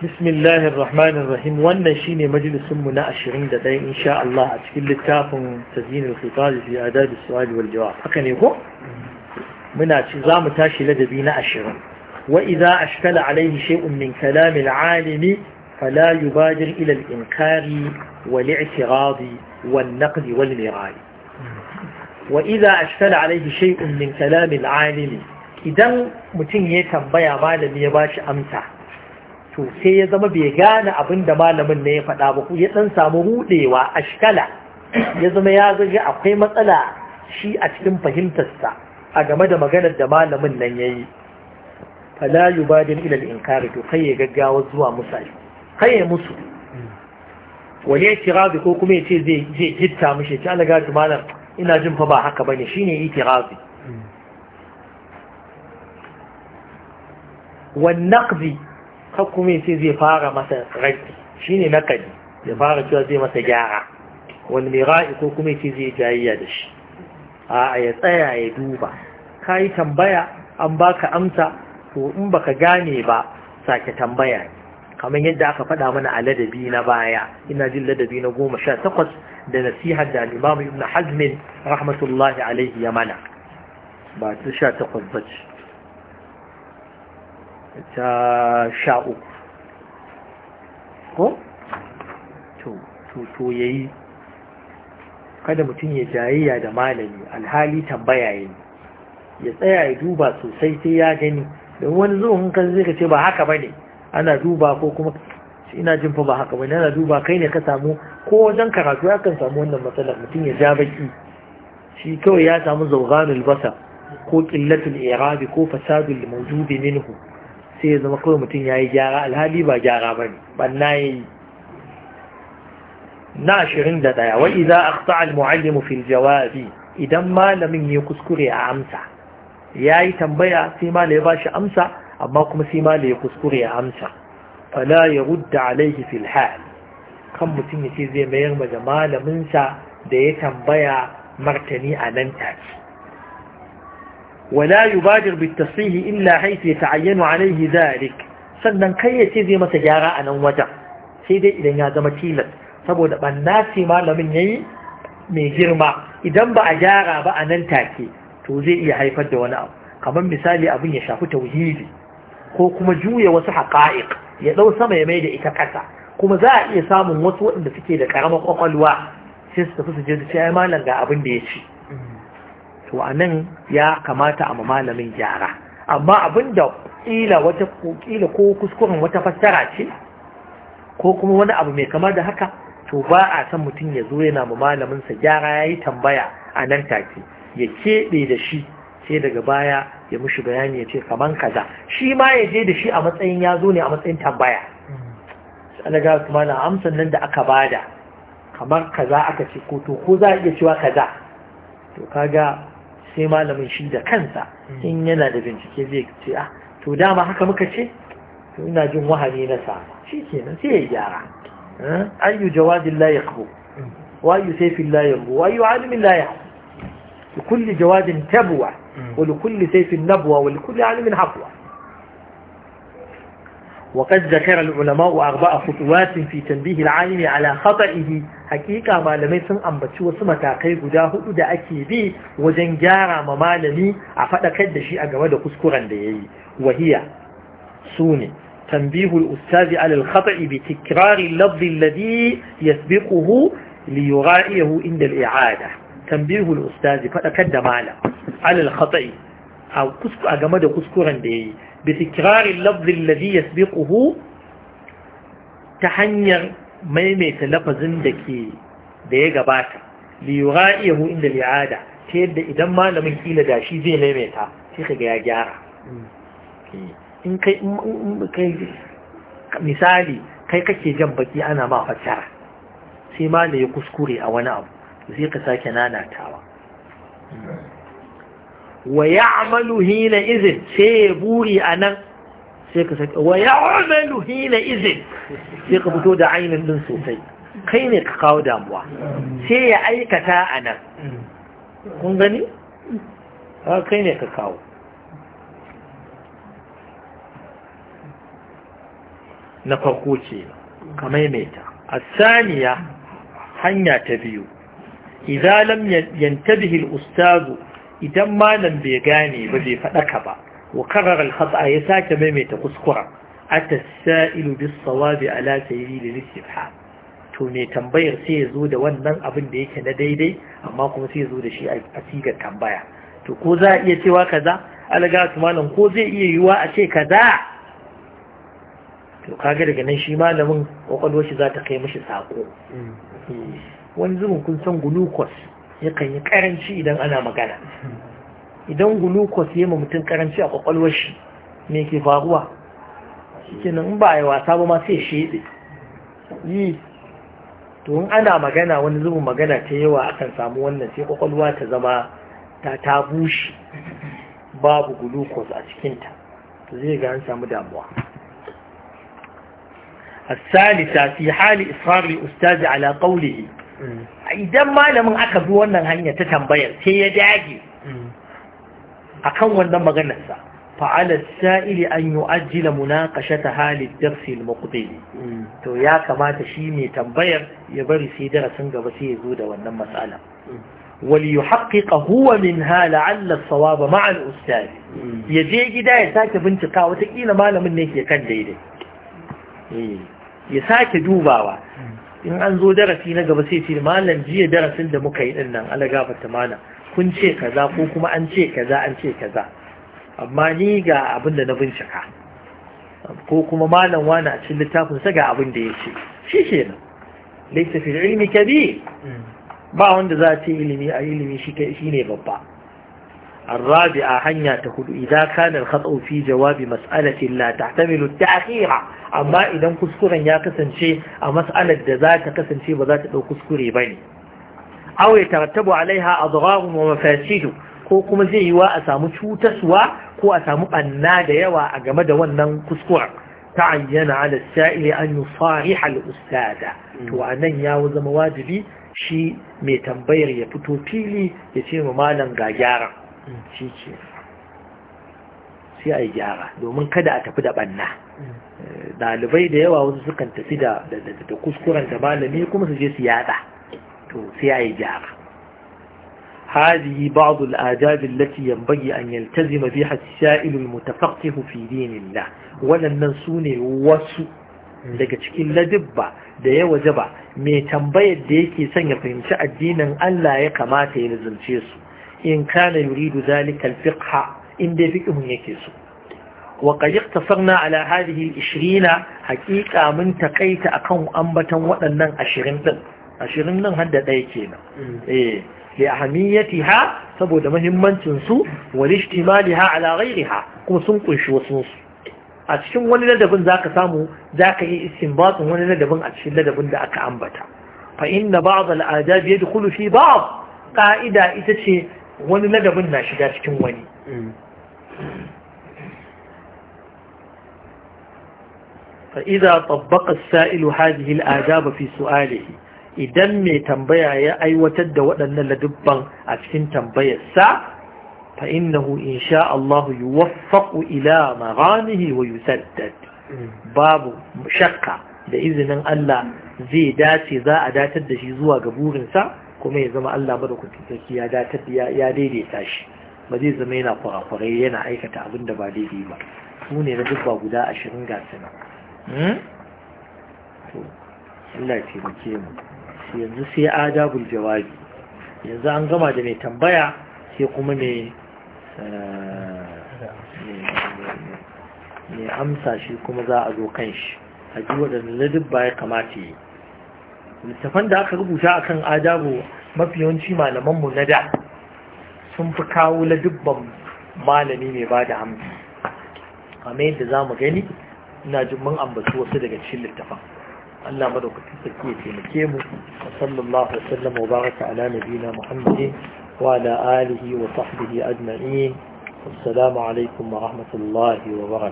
bismillah ar-rahman ar-rahim wannan shi ne majalisunmu na 21 insha Allah a cikin littafin tazini al-fitar fi adab as-su'al jawab haka ne ko muna ci za mu tashi ladabi na ashirin. wa idha ashkala alayhi shay'un min kalam al-alim fala yubadir ila al-inkari wal i'tirad wal naqd wal mirai wa idha ashkala alayhi shay'un min kalam al-alim idan mutum ya tambaya malami ya bashi amsa to sai ya zama bai gane abin da malamin ne ya faɗa ba ku ya ɗan samu ruɗewa a ya zama ya gaji akwai matsala shi a cikin fahimtarsa a game da maganar da malamin nan ya yi fala yubadin ilal inkari to kai ya gaggawa zuwa musali kai ya musu wani ya tirazi ko kuma ya ce zai gitta mishi ta alaga malam ina jin fa ba haka bane shine itirazi والنقد hmm. kar kuma sai zai fara masa raddi shine nakadi ya fara cewa zai masa gyara wani mai ra'i ko kuma yace zai jayayya da shi a ya tsaya ya duba ka yi tambaya an baka amsa to in baka gane ba sake tambaya kamar yadda aka faɗa mana a ladabi na baya ina jin ladabi na goma sha takwas da nasihar da al'imamu ibn hazmin rahmatullahi alaihi ya mana ba ta sha takwas ba ce ta sha'u ko? to ya yi kada mutum ya jayayya da malami alhali tambaya ya ya tsaya ya duba sosai sai ya gani don wani zuwan kan zai ka ce ba haka ba ne ana duba ko kuma ina jin fa ba haka ba ne ana duba kai ne ka samu ko wajen karatu ya kan samu wannan matsalar mutum ya ja baki shi kawai ya samu zauganul basa ko ƙillatul irabi ko fasadul mawjubi minhu sai ya zama kawai mutum ya yi gyara alhali ba gyara ba ne banna ya yi na ashirin da ɗaya wai iza aksa al-mu'allimu fil jawabi idan malamin ya kuskure a amsa ya yi tambaya sai mala ya shi amsa amma kuma sai mala ya kuskure a amsa fala ya rudda alaihi fil hal kan mutum ya ce zai mayar ma da malaminsa da ya tambaya martani a nan take ولا يبادر بالتصحيح إلا حيث يتعين عليه ذلك sannan kai ya ce zai masa gyara a nan wajen sai dai idan ya zama tilas saboda banna ce malamin ya yi mai girma idan ba a gyara ba a nan take to zai iya haifar da wani abu kamar misali abin ya shafi tauhidi ko kuma juya wasu haƙa'iƙ ya ɗau sama ya mai da ita ƙasa kuma za a iya samun wasu waɗanda suke da ƙaramar ƙwaƙwalwa sai su tafi su je su ce ai malam ga abin da ya ci to a nan ya kamata a malamin gyara amma abin da ƙila wata ƙila ko kuskuren wata fassara ce ko kuma wani abu mai kama da haka to ba a san mutum ya zo yana ma malamin sa gyara ya yi tambaya a nan take ya keɓe da shi sai daga baya ya mushi bayani ya ce kaman kaza shi ma ya je da shi a matsayin ya zo ne a matsayin tambaya ga kuma na amsan nan da aka bada kamar kaza aka ce ko to ko za a iya cewa kaza to kaga sai malamin shi da kansa in yana da bincike zai ce ah to dama haka muka ce to ina jin wahani na sa shi ke nan sai ya gyara ayu jawadin la yaqbu wa ayu sayfin la yanbu wa ayu alimin la kulli yahbu لكل جواد تبوى ولكل سيف نبوى kulli alimin حفوى وقد ذكر العلماء أربع خطوات في تنبيه العالم على خطئه hakika malamai sun ambaci wasu matakai guda hudu da ake bi wajen gyara ma malami a faɗakar da shi a game da kuskuren da ya yi wahiya su ne tambihul ustazi alal khata'i bi tikrari lafzi alladhi yasbiquhu li yura'iyahu inda al-i'ada tambihul ustazi faɗakar da malam alal khata'i a game da kuskuren da ya yi bi tikrari lafzi alladhi yasbiquhu ta hanyar maimaita lafazin da ke da ya gabata hu inda liyada ta yadda idan malamin kila da shi zai maimaita sai ka ga gyara hmm. in kai misali kai kake jan baki ana ma fatara sai ma ya kuskure a wani abu sai ka sake nanatawa hmm. wa ya amalu hina izin sai ya buri a nan. sai ka saki wa ya ya'malu hina izin sai ka fito da ainin din sosai kai ne ka kawo damuwa sai ya aikata a nan kun gani kai ne ka kawo na farko ce ka maimaita a saniya hanya ta biyu idan lam yantabihi al-ustazu idan malam bai gane ba bai ka ba وكرر الخطأ يساك ميميت قسكرا أتى السائل بالصواب على سبيل الاستفحام to mai tambayar sai ya zo da wannan abin da yake na daidai amma kuma sai ya zo da shi a sigar tambaya to ko za iya cewa kaza algatu malam ko zai iya yiwa a ce kaza to kaga daga nan shi malamin kwakwalwar shi za ta kai mashi sako wani zubin kun san glucose yakan yi karanci idan ana magana idan glucose ya ma mutum karanci a kwakwalwar shi me ke faruwa kenan in ba a yi wasa ba ma sai shede yi to in ana magana wani zubin magana ta yawa akan samu wannan sai kwakwalwa ta zama ta ta bushe babu glucose a cikinta to zai ga an samu damuwa الثالثة في حال إصرار الأستاذ على قوله idan malamin aka bi wannan hanya ta tambayar sai ya dage akan wannan maganarsa fa'ala sa'ili an yu'ajjila munaqashata halid darsi al-muqbil mm. to ya kamata shi mai tambayar ya bari sai darasin gaba sai ya zo da wannan matsala mm. wal yuhaqqiqa huwa minha la'alla as-sawaba ma'a al-ustad mm. ya je gida ya sake bincika wata kila malamin ne ke kan daidai ya sake dubawa in an zo darasi na gaba sai ce malam jiya darasin da muka yi dinnan ala gafarta mana kun ce kaza ko kuma an ce kaza an ce kaza amma ni ga abin da na bincika ko kuma malam wani a cikin littafin sa ga abin da ya ce shi ke nan littafin ilimi ka ba wanda za ce ilimi a ilimi shi ka shi ne babba an rabi a hanya ta hudu idan kanar katsofi, fi jawabi mas'alatin la ta tamilu ta amma idan kuskuren ya kasance a mas'alar da za ta kasance ba za ta ɗau kuskure ba ne aw yatarattabu alaiha adgharun wa mafasidu ko kuma zai yiwa a samu cutaswa ko a samu banna da yawa a game da wannan Ta kuskure تعين على السائل أن يصارح الأستاذ وأن يوزم ya شي مي تنبير يفتو فيلي يسير مالا غاجارا شي شي sai a gyara domin kada a tafi da banna Dalibai da yawa wasu sukan tafi da kuskuren da malami kuma su je su yada to sai ya yi gyara هذه بعض الآداب التي ينبغي أن يلتزم بها السائل المتفقه في دين الله ولن ننسون wasu daga cikin ladibba da ya waje ba, mai tambayar da yake son ya fahimci addinin Allah ya kamata ya nazarce su in kana yuridu zalika alfiqha in dai fiqhun yake so wa qad iqtasarna ala hadihi al-20 mun takaita akan ambatan waɗannan ashirin ɗin. ashirin nan hadda ɗaya kenan mm. eh li ha saboda muhimmancin su wal ha ala ghayriha kuma sun kunshi wasu a cikin wani ladabin ka samu zaka yi istinbatun wani ladabin a cikin ladabin da aka ambata fa inna ba'd al adab yadkhulu fi ba'd qa'ida ita ce wani ladabin na shiga cikin wani فإذا طبق السائل هذه الآداب fi sualihi idan mai tambaya ya aiwatar da waɗannan ladubban a cikin tambayarsa fa innahu insha Allah yuwaffaqu ila maghanihi wa yusaddad babu shakka da izinin Allah zai dace za a datar da shi zuwa ga burinsa kuma ya zama Allah madaukakin sarki ya datar ya daidaita shi ba zai zama yana kurakurai yana aikata abin da ba daidai ba su ne na dubba guda ashirin ga suna hmm? Allah ya taimake mu yanzu sai adabul jawabi yanzu an gama da mai tambaya sai kuma mai ne eh, amsa shi kuma za a zo kan shi a ji waɗanda ladubba ya kamata yi littafan da aka rubuta akan adabu mafi yawanci malamanmu na da sun fi kawo ladubban malami mai ba da amsa kamar yadda za mu gani ina jin mun ambaci wasu daga cikin littafan Allah madaukakin sarki ya taimake mu sallallahu alaihi wasallam wa baraka ala nabina Muhammadin wa ala alihi wa sahbihi ajma'in assalamu alaikum wa rahmatullahi wa baraka